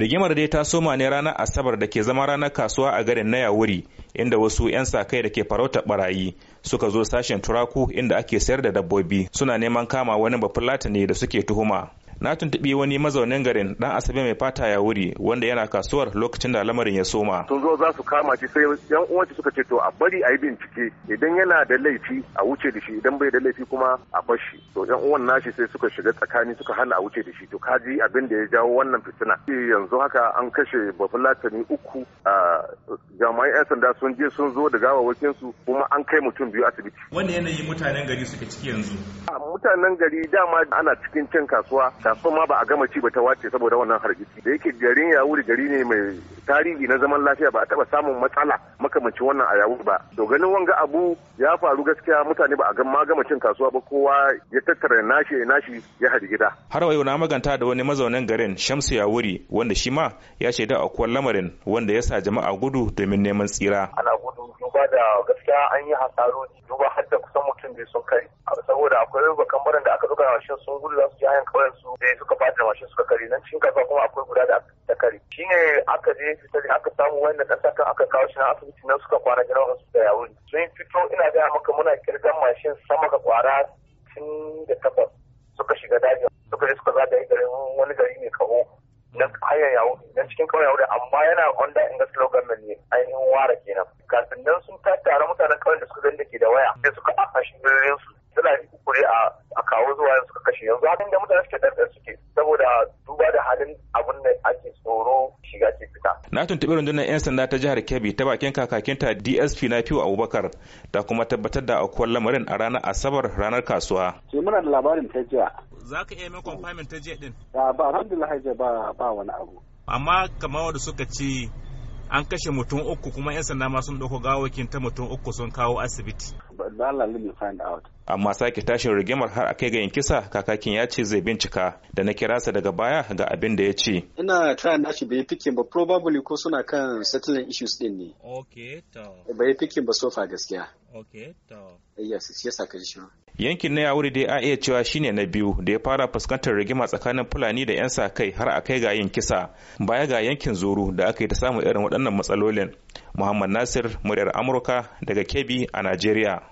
rigimar dai ta soma ne ranar asabar da ke zama ranar kasuwa a garin na yawuri inda wasu 'yan sa kai da ke farauta barayi suka zo sashen turaku inda ake sayar da dabbobi suna neman kama wani bafulatani da suke tuhuma na tuntuɓi wani mazaunin garin dan asabe mai fata ya wuri wanda yana kasuwar lokacin da lamarin ya soma sun zo za su kama shi sai yan uwanci suka ce to a bari a yi bincike idan yana da laifi a wuce da shi idan bai da laifi kuma a bar shi to yan uwan nashi sai suka shiga tsakani suka hana a wuce da shi to kaji abin da ya jawo wannan fitina yanzu haka an kashe bafulatani uku a jami'an yan sanda sun je sun zo da gawawakin su kuma an kai mutum biyu asibiti wanda yanayi mutanen gari suke ciki yanzu mutanen gari dama ana cikin cin kasuwa kasuwa ma ba a gama ci ba ta wace saboda wannan hargitsi da yake garin yawuri gari ne mai tarihi na zaman lafiya ba a taba samun matsala makamancin wannan a yawuri ba to ganin wanga abu ya faru gaskiya mutane ba a gama gama cin kasuwa ba kowa ya tattara nashi ya nashi ya haɗi gida har wayo yau na maganta da wani mazaunin garin Shamsu Yawuri wanda shi ma ya shaida a lamarin wanda ya sa jama'a gudu domin neman tsira da gaskiya an yi hasaro duba har da kusan mutum bai sun kare saboda akwai ruba baran da aka da mashin sun gudu za su je hanyar kauyen su sai suka fata mashin suka kare nan cikin kasuwa kuma akwai guda da aka kare ne aka je fitari aka samu wanda kasa kan aka kawo shi na asibiti nan suka kwana gidan wasu da yawo sun fito ina gaya maka muna kirgan mashin sama ga kwara tun da takwas suka shiga dajin suka je suka zagaye garin wani gari ne kawo na na cikin kauyen wurin amma yana under industrial na ne ainihin ware kenan kafin nan sun tattara mutanen kauyen da suka zanda ke da waya sai suka afashin birnin su suna yi kukure a kawo zuwa yanzu suka kashe yanzu Hakan da mutane suke ɗarɗar suke saboda duba da halin abin da ake tsoro shiga ke fita. na tuntuɓi rundunar 'yan sanda ta jihar kebbi ta bakin kakakinta dsp na fiwa abubakar ta kuma tabbatar da aukuwar lamarin a ranar asabar ranar kasuwa. sai eh, muna da labarin ta jiya za ka iya mai confinement ta jiya din ba alhamdulillah ba ba wani abu amma kamar wanda suka ce an kashe mutum uku kuma 'yan sanda ma sun ɗauko gawakin ta mutum uku sun kawo asibiti. find Amma sake tashin rigimar har akai ga yin kisa kakakin ya ce zai bincika da na kirasa daga baya ga abin da ya ce. Ina try na shi bai fikin ba probably ko suna kan settling issues din ne. Okay, to. Bai fikin ba so sofa gaskiya. Yankin na ya wuri dai a iya cewa shine na biyu da ya fara fuskantar rigima tsakanin Fulani da 'yan sa kai har a kai ga yin kisa baya ga yankin zoro da aka yi ta samun irin waɗannan matsalolin. Muhammad Nasir, muryar Amurka daga Kebbi a Najeriya.